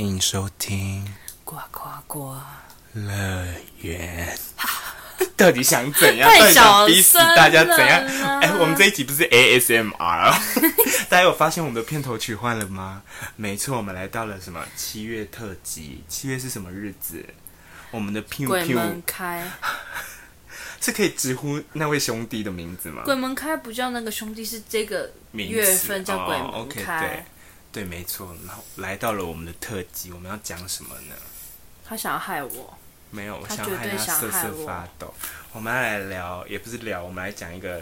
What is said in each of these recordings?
歡迎收聽呱呱呱樂園。到底想怎樣？太小聲了啦。到底想逼死大家怎樣？哎、欸，我們這一集不是 ASMR， 大家有發現我們的片頭曲換了嗎？沒錯，我們來到了什麼七月特輯。七月是什麼日子？我們的 p 門開是可以直呼那位兄弟的名字嗎？鬼門開不叫那個兄弟，是這個月份叫鬼門開。哦 okay，對對，沒錯，然後來到了我們的特輯，我們要講什麼呢？他想要害我，沒有，我想要害他瑟瑟發抖，我。我們來聊，也不是聊，我們來講一個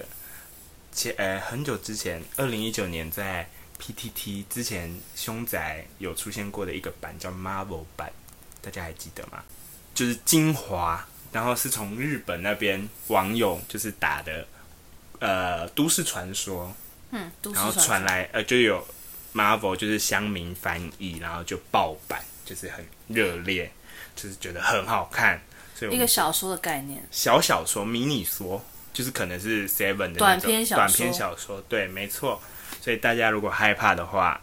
前呃、欸、很久之前，二零一九年在 PTT 之前兇宅有出現過的一個版，叫 Marvel 版，大家還記得嗎？就是精華，然後是從日本那邊網友就是打的，呃，都市傳說、嗯、說，然後傳來呃就有。Marvel 就是鄉民翻譯，然後就爆版，就是很熱烈，就是覺得很好看小小，一個小說的概念，小小說、迷你說，就是可能是 Seven 的短篇，短篇小說。對，沒錯。所以大家如果害怕的話，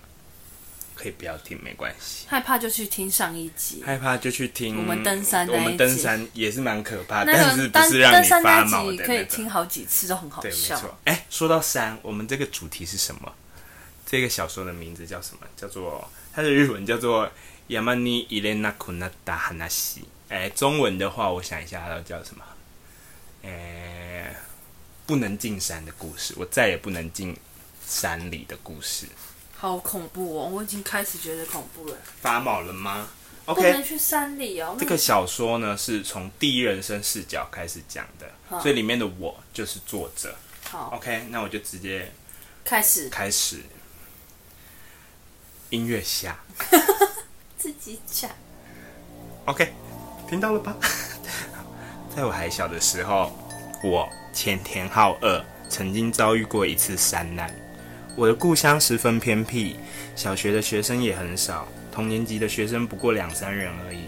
可以不要聽，沒關係。害怕就去聽上一集，害怕就去聽。我們登山，我們登山也是蠻可怕、那個，但是不是讓你發毛的、那個？可以聽好幾次都很好笑。哎、欸，說到山，我們這個主題是什麼？這個小說的名字叫什麼？叫做它的日文叫做山に入れなくなった話。哎，中文的話，我想一下，它叫什麼？哎，不能進山的故事。我再也不能進山裡的故事。好恐怖哦！我已經開始覺得恐怖了。發毛了嗎？okay, 不能去山裡哦。這個小說呢，是從第一人生視角開始講的，所以裡面的我就是作者。好，OK，那我就直接開始，開始。音樂下，自己講。OK，聽到了吧？ 在我還小的時候，我前田浩二曾經遭遇過一次山難。我的故鄉十分偏僻，小學的學生也很少，同年級的學生不過兩三人而已。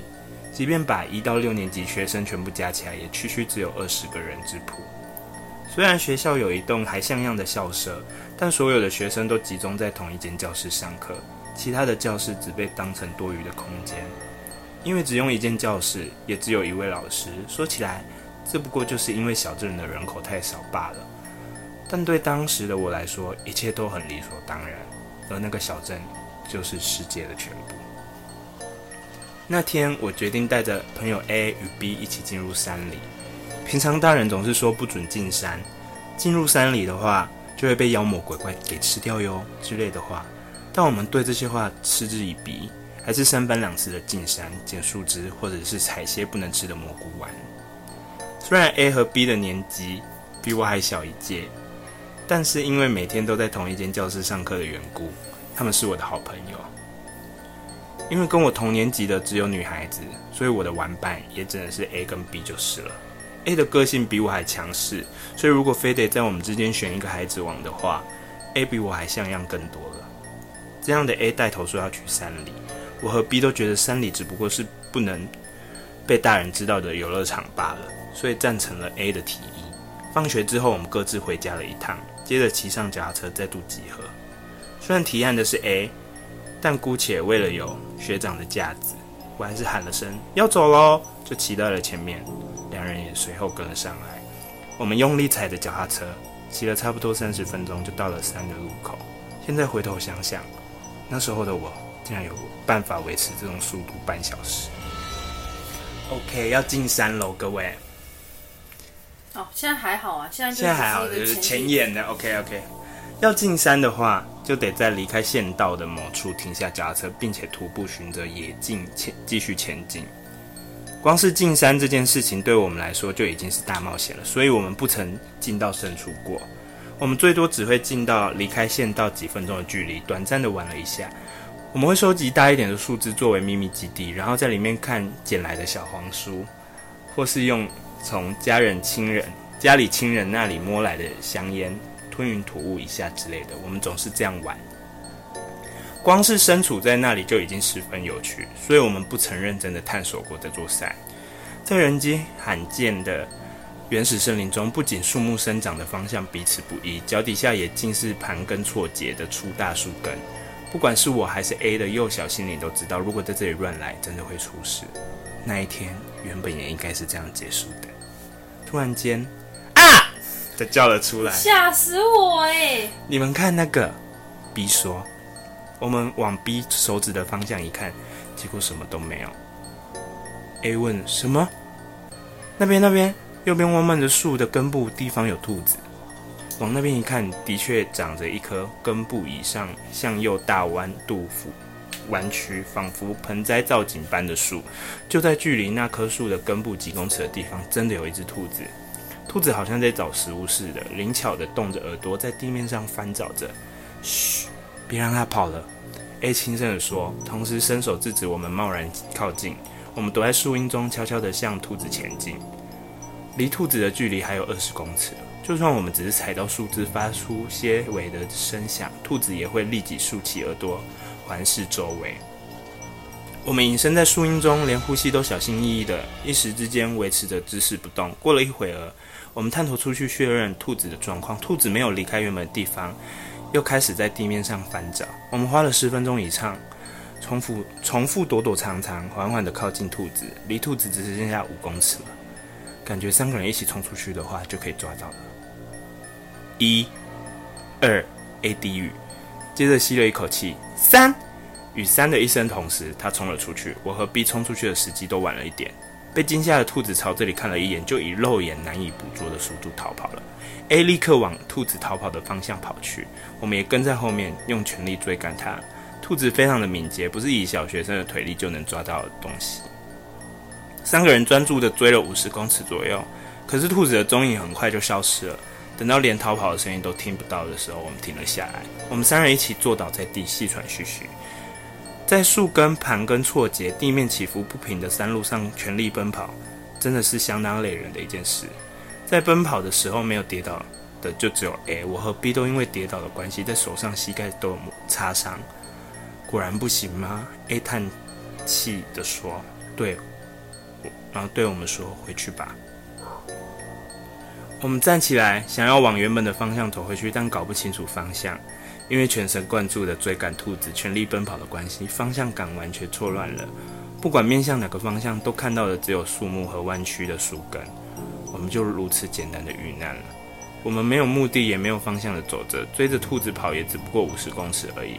即便把一到六年級學生全部加起來，也區區只有二十個人之譜。雖然學校有一棟還像樣的校舍，但所有的學生都集中在同一間教室上課。其他的教室，只被當成多餘的空間。因為只用一間教室，也只有一位老師。說起來，這不過就是因為小鎮的人口太少罷了。但對當時的我來說，一切都很理所當然，而那個小鎮就是世界的全部。那天，我決定帶着朋友 A 與 B 一起進入山裡。平常大人總是說不准進山，進入山裡的話，就會被妖魔鬼怪給吃掉喲之類的話。但我們對這些話嗤之以鼻，還是三番兩次的進山撿樹枝，或者是採些不能吃的蘑菇玩。雖然 A 和 B 的年紀比我還小一屆，但是因為每天都在同一間教室上課的緣故，他們是我的好朋友。因為跟我同年級的只有女孩子，所以我的玩伴也只能是 A 跟 B 就是了。A 的個性比我還強勢，所以如果非得在我們之間選一個孩子王的話，A 比我還像樣更多了。這樣的 A 帶頭說要去山裡，我和 B 都覺得山裡只不過是不能被大人知道的遊樂場罷了，所以贊成了 A 的提議。放學之後，我們各自回家了一趟，接着騎上腳踏車再度集合。雖然提案的是 A，但姑且為了有學長的架子，我還是喊了聲“要走嘍”，就騎到了前面。兩人也隨後跟了上來。我們用力踩着腳踏車，騎了差不多三十分鐘，就到了山的入口。現在回頭想想。那時候的我竟然有辦法維持這種速度半小時。OK，要進山嘍，各位。哦，現在還好啊，現在現在還好，就是前沿的。OK，OK、okay, okay。要進山的話，就得在離開縣道的某處停下駕車，並且徒步循着野徑前繼續前進。光是進山這件事情，對我們來說就已經是大冒險了，所以我們不曾進到深處過。我們最多只會進到離開線道幾分鐘的距離，短暫的玩了一下。我們會收集大一點的樹枝作為秘密基地，然後在裡面看撿來的小黃書，或是用從家人、親人、家裡親人那裡摸來的香煙吞雲吐霧一下之類的。我們總是這樣玩。光是身處在那裡就已經十分有趣，所以我們不曾認真的探索過這座山。這人跡罕見的原始森林中，不僅樹木生長的方向彼此不一，腳底下也盡是盤根錯節的粗大樹根。不管是我還是 A 的幼小心靈都知道，如果在這裡亂來，真的會出事。那一天原本也應該是這樣結束的。突然間，啊！他叫了出來，嚇死我欸！你們看那個 B 說，我們往 B 手指的方向一看，結果什麼都沒有。A 問什麼？那邊那邊。右邊彎彎的樹的根部地方有兔子。往那邊一看，的確長着一棵根部以上向右大彎杜甫彎曲，仿佛盆栽造景般的樹。就在距離那棵樹的根部幾公尺的地方，真的有一隻兔子。兔子好像在找食物似的，靈巧地動着耳朵，在地面上翻找着。噓，別讓它跑了！A 輕聲地說，同時伸手制止我們貿然靠近。我們躲在樹蔭中，悄悄地向兔子前進。離兔子的距離還有二十公尺，就算我們只是踩到樹枝發出些微的聲響，兔子也會立即豎起耳朵環視周圍。我們隱身在樹蔭中，連呼吸都小心翼翼的，一時之間維持着姿勢不動。過了一會兒，我們探頭出去確認兔子的狀況，兔子沒有離開原本的地方，又開始在地面上翻找。我們花了十分鐘以上，重複重複躲躲藏藏，緩緩地靠近兔子，離兔子只剩下五公尺了。感覺三個人一起衝出去的話，就可以抓到了。一、二，A 低語，接着吸了一口氣。三，與三的一聲同時，他衝了出去。我和 B 衝出去的時機都晚了一點。被驚嚇的兔子朝這裡看了一眼，就以肉眼難以捕捉的速度逃跑了。A 立刻往兔子逃跑的方向跑去，我們也跟在後面，用全力追趕它。兔子非常的敏捷，不是以小學生的腿力就能抓到的東西。三個人專注的追了五十公尺左右，可是兔子的蹤影很快就消失了。等到連逃跑的聲音都聽不到的時候，我們停了下來。我們三人一起坐倒在地，氣喘吁吁。在樹根盤根錯節、地面起伏不平的山路上全力奔跑，真的是相當累人的一件事。在奔跑的時候沒有跌倒的，就只有 A。我和 B 都因為跌倒的關係，在手上、膝蓋都有摩擦傷。果然不行嗎？A 嘆氣的說：“對。”然後對我們說：“回去吧。”我們站起來，想要往原本的方向走回去，但搞不清楚方向，因為全神貫注的追趕兔子、全力奔跑的關係，方向感完全錯亂了。不管面向哪個方向，都看到的只有樹木和彎曲的樹根。我們就如此簡單的遇難了。我們沒有目的，也沒有方向的走着，追着兔子跑，也只不過五十公尺而已。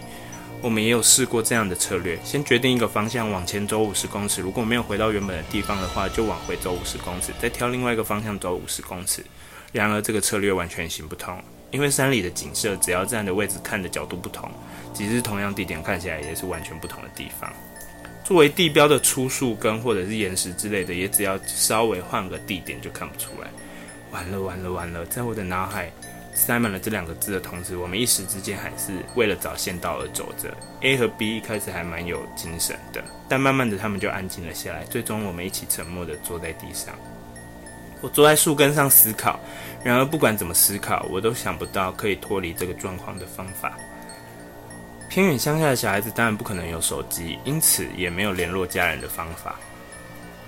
我們也有試過這樣的策略，先決定一個方向往前走五十公尺，如果沒有回到原本的地方的話，就往回走五十公尺，再挑另外一個方向走五十公尺。然而這個策略完全行不通，因為山裡的景色，只要站的位置看的角度不同，其實同樣地點看起來也是完全不同的地方。作為地標的粗樹根或者是岩石之類的，也只要稍微換個地點就看不出來。完了完了完了，在我的腦海。塞滿了這兩個字的同時，我們一時之間還是為了找縣道而走着。A 和 B 一開始還蠻有精神的，但慢慢的他們就安靜了下來，最終我們一起沉默的坐在地上。我坐在樹根上思考，然而不管怎麼思考，我都想不到可以脫離這個狀況的方法。偏遠鄉下的小孩子當然不可能有手機，因此也沒有聯絡家人的方法。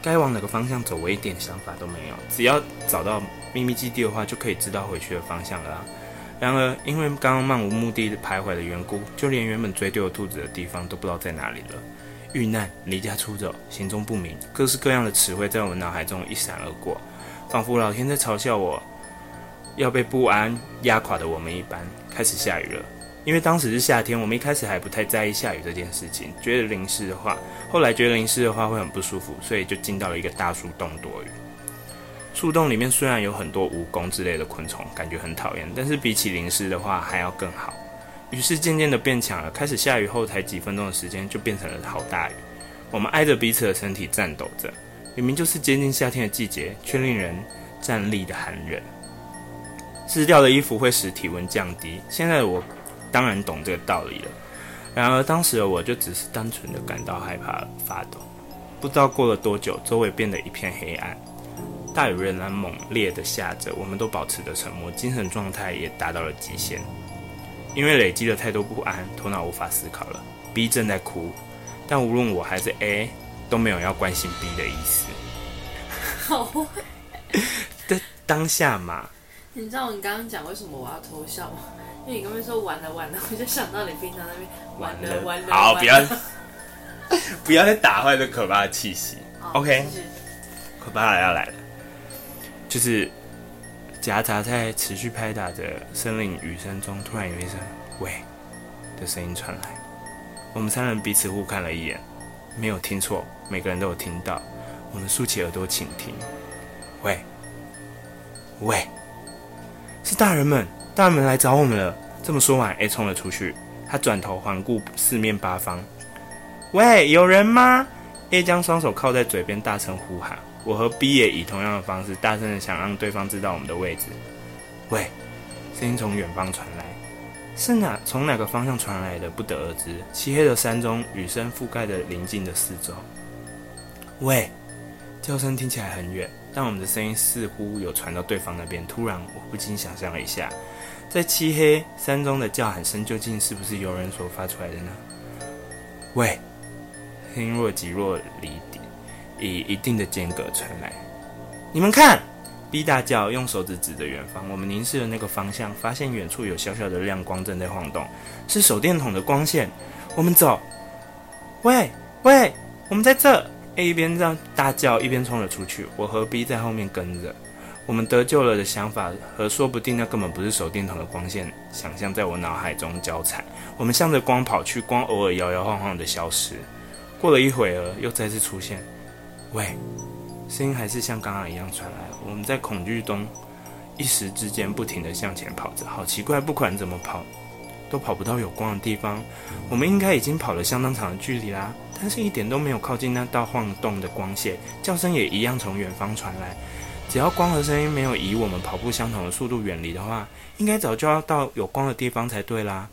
該往哪個方向走，我一點想法都沒有。只要找到秘密基地的話，就可以知道回去的方向了啊。然而，因為剛剛漫無目的的徘徊的緣故，就連原本追丟了兔子的地方都不知道在哪裡了。遇難、離家出走、行蹤不明，各式各樣的詞彙在我們腦海中一閃而過，仿佛老天在嘲笑我，要被不安壓垮的我們一般。開始下雨了。因為當時是夏天，我們一開始還不太在意下雨這件事情，覺得淋濕的話，後來覺得淋濕的話會很不舒服，所以就進到了一個大樹洞躲雨。樹洞裡面雖然有很多蜈蚣之類的昆蟲，感覺很討厭，但是比起淋濕的話還要更好。於是漸漸的變強了，開始下雨後才幾分鐘的時間就變成了好大雨。我們挨着彼此的身體顫抖着，明明就是接近夏天的季節，卻令人戰慄的寒冷。濕掉的衣服會使體溫降低，現在我。當然懂這個道理了，然而當時的我就只是單純的感到害怕發抖，不知道過了多久，周圍變得一片黑暗，大雨仍然猛烈的下着，我們都保持着沉默，精神狀態也達到了極限，因為累積了太多不安，頭腦無法思考了。B 正在哭，但無論我還是 A，都沒有要關心 B 的意思。好， 但當下嘛。你知道你剛剛講為什麼我要偷笑嗎？因為就你剛剛說完了完了，我就想到你平常那邊玩的玩的好，不要不要再打壞這可怕的氣息。Oh, OK，是是可怕要來了、啊啊，就是夾雜在持續拍打著森林雨聲中，突然有一聲“喂”的聲音傳來。我們三人彼此互看了一眼，沒有聽錯，每個人都有聽到。我們豎起耳朵傾聽，“喂，喂，是大人們。”大人來找我們了。這麼說完，A 衝了出去。他轉頭環顧四面八方，“喂，有人嗎？”A 將雙手靠在嘴邊，大聲呼喊。我和 B 也以同樣的方式，大聲的想讓對方知道我們的位置。“喂！”聲音從遠方傳來，是哪？從哪個方向傳來的？不得而知。漆黑的山中，雨聲覆蓋着鄰近的四周。“喂！”叫聲聽起來很遠，但我們的聲音似乎有傳到對方那邊。突然，我不禁想象了一下。在漆黑山中的叫喊聲究竟是不是有人所發出來的呢？喂，聲若即若離地，以一定的間隔傳來。你們看，B 大叫，用手指指着遠方。我們凝視的那個方向，發現遠處有小小的亮光正在晃動，是手電筒的光線。我們走。喂喂，我們在這。A 一邊這樣大叫，一邊衝了出去。我和 B 在後面跟着。我們得救了的想法和說不定那根本不是手電筒的光線，想象在我腦海中交纏。我們向着光跑去，光偶爾搖搖晃晃地消失，過了一會兒又再次出現。喂，聲音還是像剛剛一樣傳來。我們在恐懼中一時之間不停地向前跑着，好奇怪，不管怎麼跑都跑不到有光的地方。我們應該已經跑了相當長的距離啦，但是一點都沒有靠近那道晃動的光線。叫聲也一樣從遠方傳來。只要光和聲音沒有以我們跑步相同的速度遠離的話，應該早就要到有光的地方才對啦。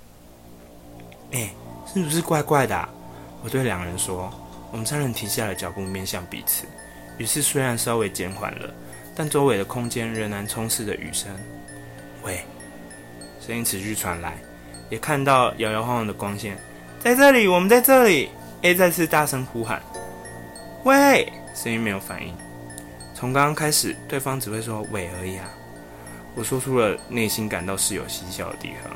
哎，是不是怪怪的啊？我對兩人說。我們三人停下了腳步，面向彼此。於是雖然稍微減緩了，但周圍的空間仍然充斥着雨聲。喂，聲音持續傳來，也看到搖搖晃晃的光線。在這裡，我們在這裡。A 再次大聲呼喊。喂，聲音沒有反應。從剛剛開始，對方只會說“喂”而已啊。我說出了內心感到事有蹊蹺的地方。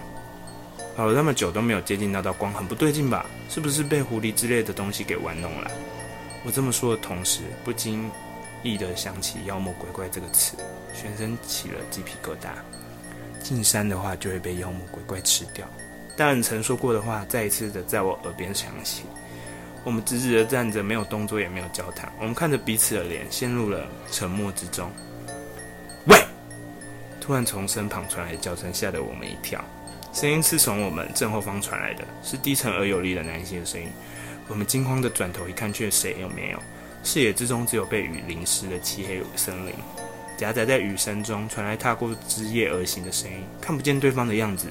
跑了那麼久都沒有接近那道光，很不對勁吧？是不是被狐狸之類的東西給玩弄了啊？我這麼說的同時，不經意的想起“妖魔鬼怪”這個詞，全身起了雞皮疙瘩。進山的話就會被妖魔鬼怪吃掉。但曾說過的話，再一次的在我耳邊響起。我們直直的站着，沒有動作，也沒有交談。我們看着彼此的臉，陷入了沉默之中。喂！突然從身旁傳來的叫聲嚇得我們一跳。聲音是從我們正後方傳來的，是低沉而有力的男性的聲音。我們驚慌的轉頭一看，卻誰也沒有。視野之中只有被雨淋濕的漆黑森林。夾雜在雨聲中傳來踏過枝葉而行的聲音，看不見對方的樣子。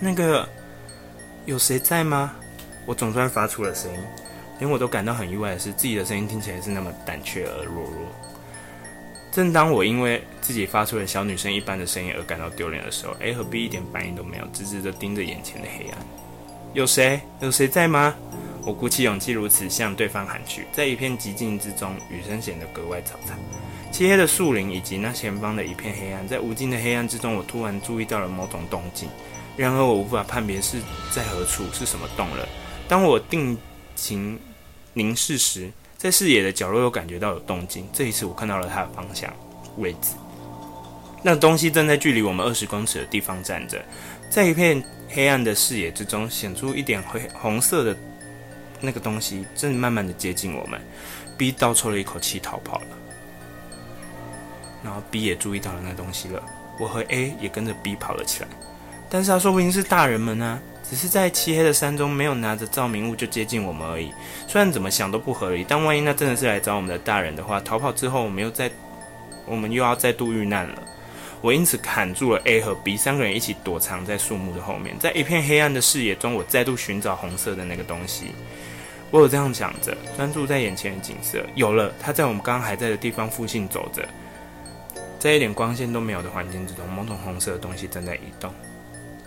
那個，有誰在嗎？我總算發出了聲音，連我都感到很意外的是，自己的聲音聽起來是那麼膽怯而弱弱。正當我因為自己發出了小女生一般的聲音而感到丟臉的時候，A 和 B 一點反應都沒有，直直的盯着眼前的黑暗。有誰？有誰在嗎？我鼓起勇氣如此向對方喊去。在一片寂靜之中，雨聲顯得格外嘈雜。漆黑的樹林以及那前方的一片黑暗，在無盡的黑暗之中，我突然注意到了某種動靜。然而我無法判別是在何處，是什麼動了。當我定睛凝視時，在視野的角落又感覺到有動靜。這一次，我看到了它的方向、位置。那東西正在距離我們二十公尺的地方站着，在一片黑暗的視野之中顯出一點紅紅色的。那個東西正慢慢的接近我們，B 倒抽了一口氣逃跑了。然後 B 也注意到了那東西了，我和 A 也跟着 B 跑了起來。但是他、啊、說不定是大人們呢、啊。只是在漆黑的山中，沒有拿着照明物就接近我們而已。雖然怎麼想都不合理，但萬一那真的是來找我們的大人的話，逃跑之後我們又在，我們又要再度遇難了。我因此砍住了 A 和 B 三個人一起躲藏在樹木的後面，在一片黑暗的視野中，我再度尋找紅色的那個東西。我有這樣想着，專注在眼前的景色。有了，他在我們剛剛還在的地方附近走着，在一點光線都沒有的環境之中，某種紅色的東西正在移動。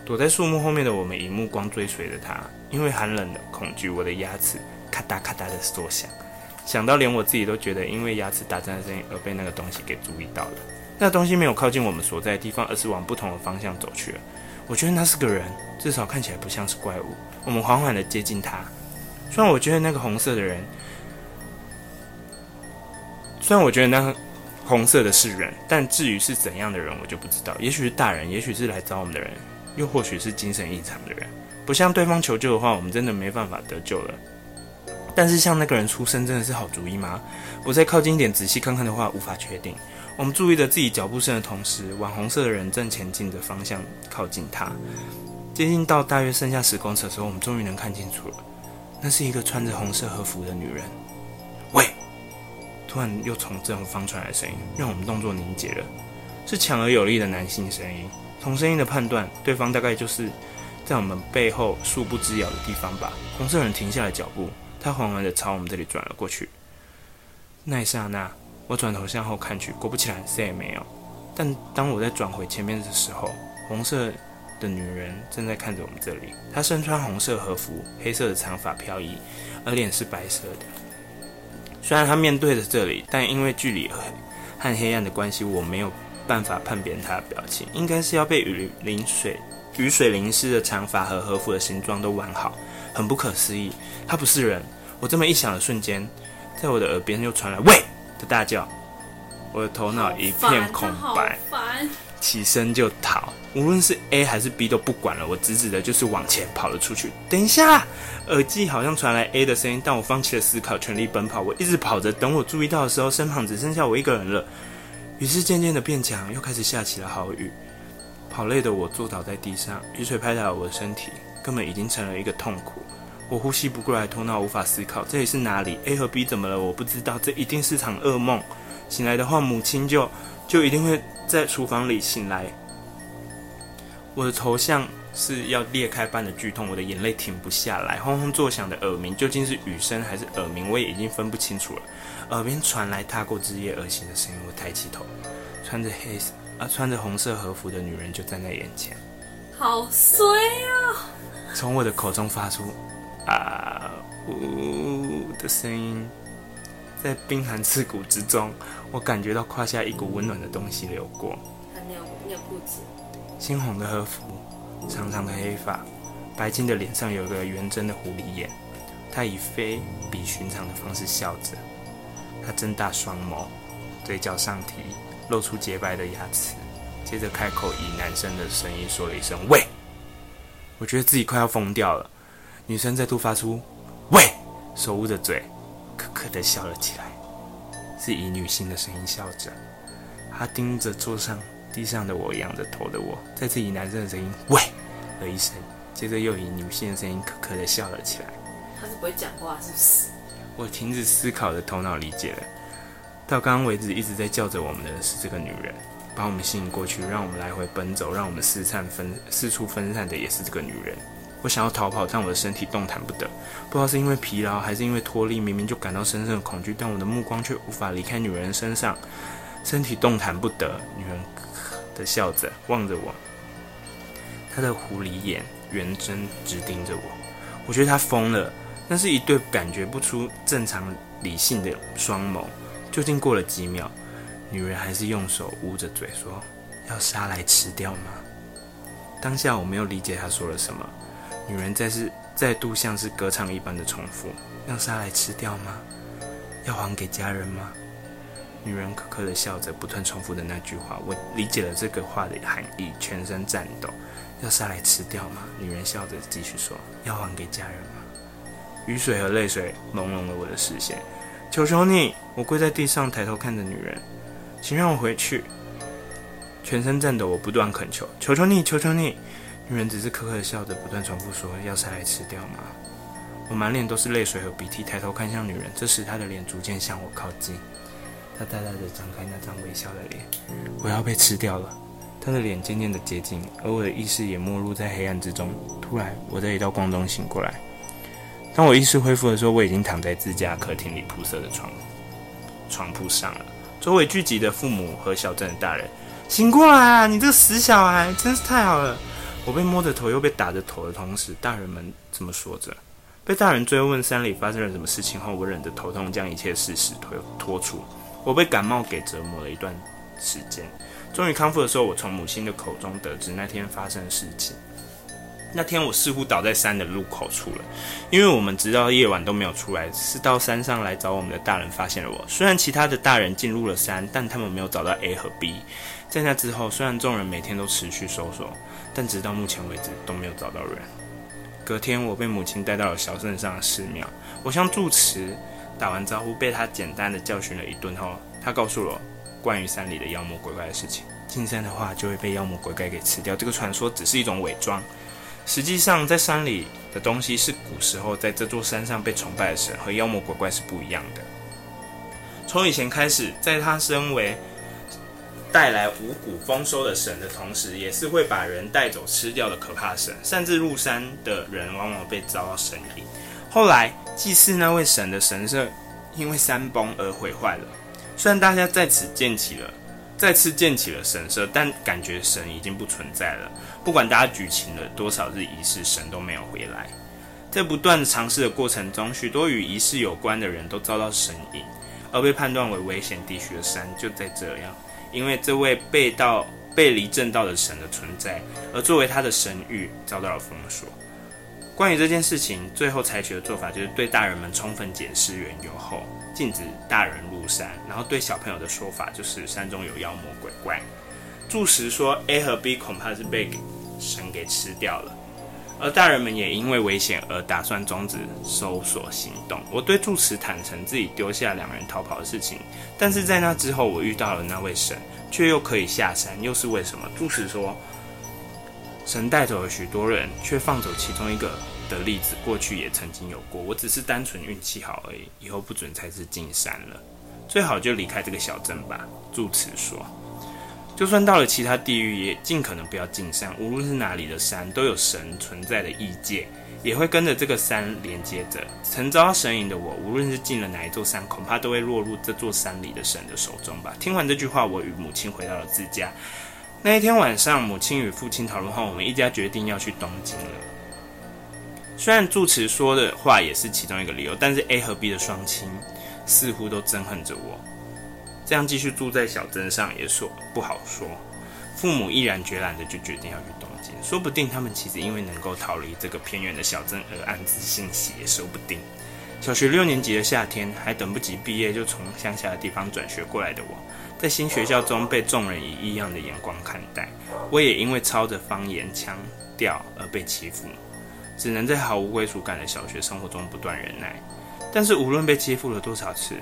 躲在樹木後面的我們，以目光追隨着他，因為寒冷的恐懼，我的牙齒咔嗒咔嗒的作響。想到連我自己都覺得，因為牙齒打顫的聲音而被那個東西給注意到了。那東西沒有靠近我們所在的地方，而是往不同的方向走去了。我覺得那是個人，至少看起來不像是怪物。我們緩緩的接近他，雖然我覺得那個紅色的人，雖然我覺得那個紅色的是人，但至於是怎樣的人，我就不知道。也許是大人，也許是來找我們的人。又或許是精神異常的人，不向對方求救的話，我們真的沒辦法得救了。但是向那個人出聲真的是好主意嗎？我再靠近一點仔細看看的話，無法確定。我們注意着自己腳步聲的同時，往紅色的人正前進的方向靠近他。接近到大約剩下十公尺的時候，我們終於能看清楚了，那是一個穿着紅色和服的女人。喂！突然又從正方傳來的聲音，讓我們動作凝結了，是強而有力的男性聲音。從聲音的判斷，對方大概就是在我們背後數步之遙的地方吧。紅色人停下了腳步，他緩緩地朝我們這裡轉了過去。那一剎那，我轉頭向後看去，果不其然，誰也沒有。但當我再轉回前面的時候，紅色的女人正在看着我們這裡。她身穿紅色和服，黑色的長髮飄逸，而臉是白色的。雖然她面對着這裡，但因為距離和黑暗的關係，我沒有。辦法判別他的表情，應該是要被雨淋水、雨水淋濕的長髮和和服的形狀都完好，很不可思議。他不是人。我這麼一想的瞬間，在我的耳邊又傳來“喂”的大叫，我的頭腦一片空白，起身就逃。無論是 A 還是 B 都不管了，我直直的就是往前跑了出去。等一下，耳機好像傳來 A 的聲音，但我放棄了思考，全力奔跑。我一直跑着，等我注意到的時候，身旁只剩下我一個人了。於是漸漸的變強，又開始下起了豪雨。跑累的我坐倒在地上，雨水拍打我的身體，根本已經成了一個痛苦。我呼吸不過來，頭腦無法思考，這裡是哪裡？A 和 B 怎麼了？我不知道，這一定是場噩夢。醒來的話母親，母親就就一定會在廚房裡醒來。我的頭像。是要裂開般的劇痛，我的眼淚停不下來，轟轟作響的耳鳴究竟是雨聲還是耳鳴，我也已經分不清楚了。耳邊傳來踏過枝葉而行的聲音，我抬起頭，穿着黑色啊穿着紅色和服的女人就站在眼前，好衰啊、哦！從我的口中發出啊嗚的聲音，在冰寒刺骨之中，我感覺到胯下一股溫暖的東西流過，還沒有尿褲子，猩紅的和服。長長的黑髮，白淨的臉上有個圓睜的狐狸眼，他以非比尋常的方式笑着，他睜大雙眸，嘴角上提，露出潔白的牙齒，接着開口以男生的聲音說了一聲“喂”，我覺得自己快要瘋掉了。女生再度發出“喂”，手捂着嘴，咯咯的笑了起來，是以女性的聲音笑着，他盯着桌上。地上的我仰着頭的我，再次以男生的聲音喂了一聲，接着又以女性的聲音咳咳的笑了起來。他是不會講話，是不是？我停止思考的頭腦理解了，到剛剛為止一直在叫着我們的是這個女人，把我們吸引過去，讓我們來回奔走，讓我們四散分四處分散的也是這個女人。我想要逃跑，但我的身體動彈不得，不知道是因為疲勞還是因為脫力，明明就感到深深的恐懼，但我的目光卻無法離開女人身上，身體動彈不得，女人。的笑着望着我，她的狐狸眼圓睜，直盯着我。我覺得她瘋了，那是一對感覺不出正常理性的雙眸。究竟過了幾秒，女人還是用手捂着嘴說：“要殺來吃掉嗎？”當下我沒有理解她說了什麼。女人再次再度像是歌唱一般的重複：“要殺來吃掉嗎？要還給家人嗎？”女人咯咯的笑着，不斷重複的那句話，我理解了這個話的含義，全身顫抖，要殺來吃掉嗎？女人笑着繼續說，要還給家人嗎？雨水和淚水朦朧了我的視線，求求你！我跪在地上，抬頭看着女人，請讓我回去。全身顫抖，我不斷懇求，求求你，求求你！女人只是咯咯的笑着，不斷重複說，要殺來吃掉嗎？我滿臉都是淚水和鼻涕，抬頭看向女人，這時她的臉逐漸向我靠近。他呆呆地張開那張微笑的臉，我要被吃掉了。他的臉漸漸的接近，而我的意識也沒入在黑暗之中。突然，我在一道光中醒過來。當我意識恢復的時候，我已經躺在自家客廳裡鋪設的床床鋪上了。周圍聚集的父母和小鎮的大人：“醒過來啊！你這個死小孩，真是太好了！”我被摸着頭，又被打着頭的同時，大人們這麼說着。被大人追問山裡發生了什麼事情後，我忍着頭痛，將一切事實推脫出。我被感冒給折磨了一段時間，終於康復的時候，我從母親的口中得知那天發生的事情。那天我似乎倒在山的入口處了，因為我們直到夜晚都沒有出來，是到山上來找我們的大人發現了我。雖然其他的大人進入了山，但他們沒有找到 A 和 B。在那之後，雖然眾人每天都持續搜索，但直到目前為止都沒有找到人。隔天，我被母親帶到了小鎮上的寺廟，我向住持。打完招呼，被他簡單的教訓了一頓後，他告訴了關於山裡的妖魔鬼怪的事情。進山的話，就會被妖魔鬼怪給吃掉。這個傳說只是一種偽裝，實際上在山裡的東西是古時候在這座山上被崇拜的神，和妖魔鬼怪是不一樣的。從以前開始，在他身為帶來五穀豐收的神的同時，也是會把人帶走吃掉的可怕神。擅自入山的人，往往被遭到神隱。後來。祭祀那位神的神社，因為山崩而毀壞了。雖然大家在此建起了，再次建起了神社，但感覺神已經不存在了。不管大家舉行了多少日儀式，神都沒有回來。在不斷的嘗試的過程中，許多與儀式有關的人都遭到神隱，而被判斷為危險地區的山就在這樣，因為這位背道背離正道的神的存在，而作為他的神域遭到了封鎖。關於這件事情，最後採取的做法就是對大人們充分解釋緣由後，禁止大人入山，然後對小朋友的說法就是山中有妖魔鬼怪。住持說，A 和 B 恐怕是被給神給吃掉了，而大人們也因為危險而打算終止搜索行動。我對住持坦誠自己丟下兩人逃跑的事情，但是在那之後我遇到了那位神，卻又可以下山，又是為什麼？住持說，神帶走了許多人，卻放走其中一個。的例子，過去也曾經有過，我只是單純運氣好而已。以後不准再次進山了，最好就離開這個小鎮吧。住持說，就算到了其他地域，也儘可能不要進山。無論是哪裡的山，都有神存在的異界，也會跟着這個山連接着。曾遭到神隱的我，無論是進了哪一座山，恐怕都會落入這座山裡的神的手中吧。聽完這句話，我與母親回到了自家。那一天晚上，母親與父親討論後，我們一家決定要去東京了。雖然住持說的話也是其中一個理由，但是 A 和 B 的雙親似乎都憎恨着我，這樣繼續住在小鎮上也說不好說。父母毅然決然的就決定要去東京，說不定他們其實因為能夠逃離這個偏遠的小鎮而暗自欣喜，也說不定。小學六年級的夏天，還等不及畢業就從鄉下的地方轉學過來的我，在新學校中被眾人以異樣的眼光看待，我也因為操着方言腔調而被欺負。只能在毫無歸屬感的小學生活中不斷忍耐，但是無論被欺負了多少次，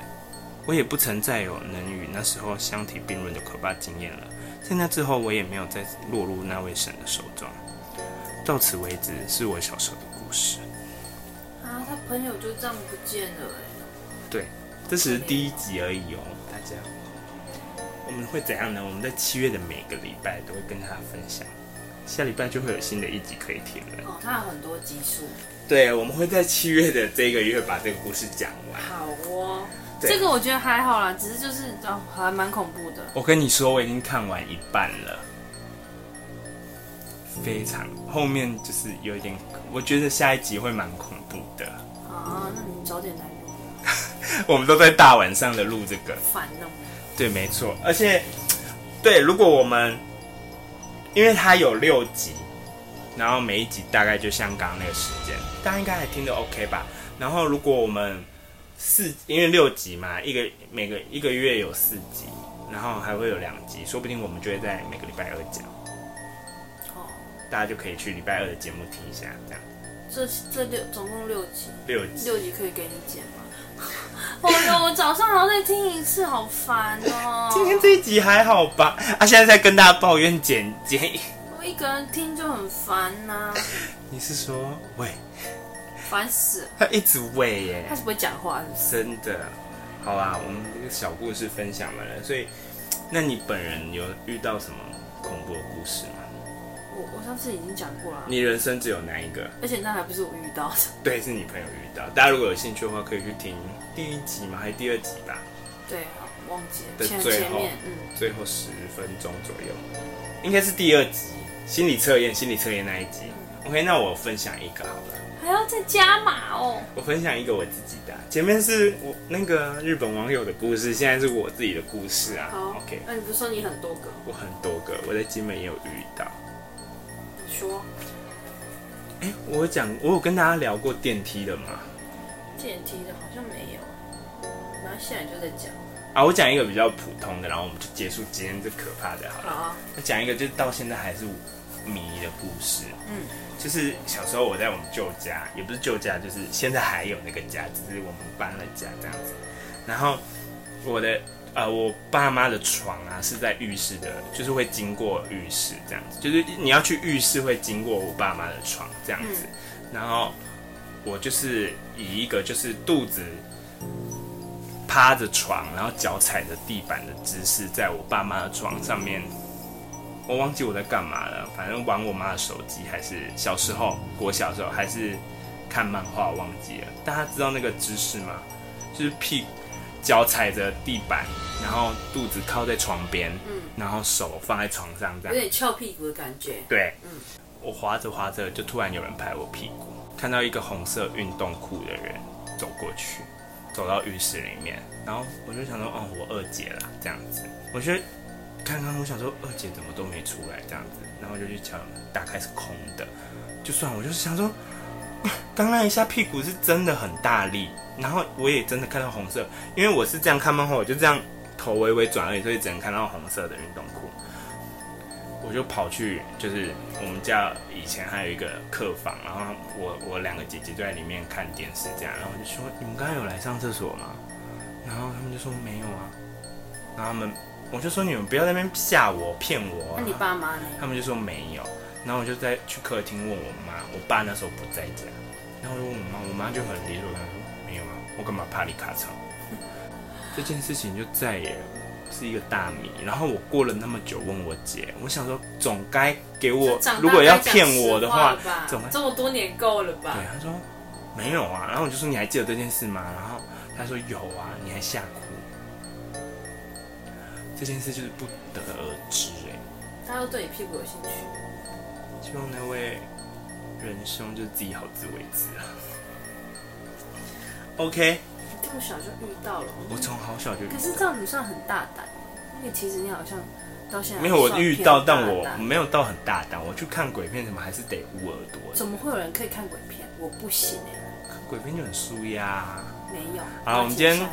我也不曾再有能與那時候相提並論的可怕經驗了。在那之後，我也沒有再落入那位神的手中。到此為止，是我小時候的故事。啊，他朋友就這樣不見了哎。對，這只是第一集而已哦。大家。我們會怎樣呢？我們在七月的每個禮拜都會跟他分享。下禮拜就會有新的一集可以聽了。哦，它有很多集數。對，我們會在七月的這個月把這個故事講完。好哦。這個我覺得還好啦，只是就是還蠻恐怖的。我跟你說，我已經看完一半了，非常後面就是有一點，我覺得下一集會蠻恐怖的。啊，那你早點來錄。我們都在大晚上的錄這個。煩哦。對，沒錯，而且對，如果我們。因為它有六集，然後每一集大概就像剛剛那個時間，大家應該還聽得 OK 吧？然後如果我們四，因為六集嘛，一個每個一個月有四集，然後還會有兩集，說不定我們就會在每個禮拜二講，哦，大家就可以去禮拜二的節目聽一下，這樣。這這六總共六集，六集六集可以給你剪嗎？哎呦！我早上還要再聽一次，好煩哦。今天這一集還好吧？他現在在跟大家抱怨剪剪。我一個人聽就很煩吶。你是說喂？煩死了！他一直喂耶，他是不會講話是不是？真的。好啦，我們這個小故事分享完了，所以那你本人有遇到什麼恐怖的故事嗎？我上次已經講過了、啊。你人生只有那一個，而且那還不是我遇到的，對，是你朋友遇到。大家如果有興趣的話，可以去聽第一集嘛，還是第二集吧？對，好，忘記了。的最後，前前嗯、最後十分鐘左右，應該是第二集心理測驗，心理測驗那一集。OK，那我分享一個好了。還要再加碼哦、喔。我分享一個我自己的，前面是我那個日本網友的故事，現在是我自己的故事啊。好，OK，那你不是說你很多個？我很多個，我在金門也有遇到。說，欸、我講，我有跟大家聊過電梯的嗎？電梯的好像沒有，然後現在就在講啊。我講一個比較普通的，然後我們就結束今天這可怕的，好了。啊、講一個就到現在還是謎的故事。嗯，就是小時候我在我們舊家，也不是舊家，就是現在還有那個家，只、就是我們搬了家這樣子。然後我的。呃，我爸媽的床啊是在浴室的，就是會經過浴室這樣子，就是你要去浴室會經過我爸媽的床這樣子，然後我就是以一個就是肚子趴着床，然後腳踩着地板的姿勢，在我爸媽的床上面，我忘記我在幹嘛了，反正玩我媽的手機，還是小時候，我小時候還是看漫畫忘記了，大家知道那個姿勢嗎？就是屁股，腳踩着地板，然後肚子靠在床邊，嗯，然後手放在床上,這樣有點翹屁股的感覺。對，嗯，我滑着滑着，就突然有人拍我屁股，看到一個紅色運動褲的人走過去，走到浴室裡面，然後我就想說，哦，我二姐啦！這樣子。我覺得剛剛我想說二姐怎麼都沒出來，這樣子，然後我就去敲，打開是空的，就算我就是想說。剛那一下屁股是真的很大力，然後我也真的看到紅色，因為我是這樣看漫畫，我就這樣頭微微轉而已，所以只能看到紅色的運動褲。我就跑去，就是我們家以前還有一個客房，然後我我兩個姐姐就在裡面看電視，這樣，然後我就說你們剛剛有來上廁所嗎？然後他們就說沒有啊，然後他們我就說你們不要在那邊嚇我騙我，那、啊、你爸媽呢？他們就說沒有。然後我就再去客廳問我媽，我爸那時候不在家。然後我問我媽，我媽就很理所當然她說：“沒有啊，我幹嘛怕你卡車 這件事情就再也是一個大謎。」然後我過了那麼久問我姐，我想說總該給我，如果要騙我的話，怎麼這麼多年夠了吧？對，她說沒有啊。然後我就說你還記得這件事嗎？然後她說有啊，你還嚇哭。這件事就是不得而知哎。大家都對你屁股有興趣。就那位仁兄就自己好自為之了。OK。這麼小就遇到了，我從好小就遇到了。可是這樣子算很大膽，因為其實你好像到現在沒有我遇到，但我沒有到很大膽。我去看鬼片，怎麼還是得捂耳朵？怎麼會有人可以看鬼片？我不行。鬼片就很舒壓呀。沒有。好，我們今天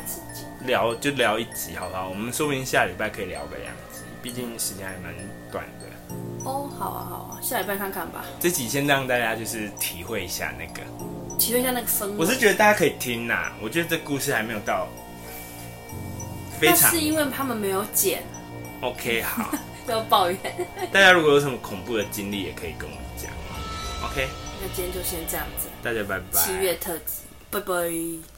聊就聊一集，好不好？我們說不定下禮拜可以聊個兩集，畢竟時間還蠻短的。嗯。嗯哦、oh,，好啊，好啊，下一半看看吧。這集先讓大家就是體會一下那個，體會一下那個生活。我是覺得大家可以聽吶、啊，我覺得這故事還沒有到非常。但是因為他們沒有剪。OK，好。不要 抱怨。大家如果有什麼恐怖的經歷，也可以跟我們講。OK，那今天就先這樣子，大家拜拜。七月特輯，拜拜。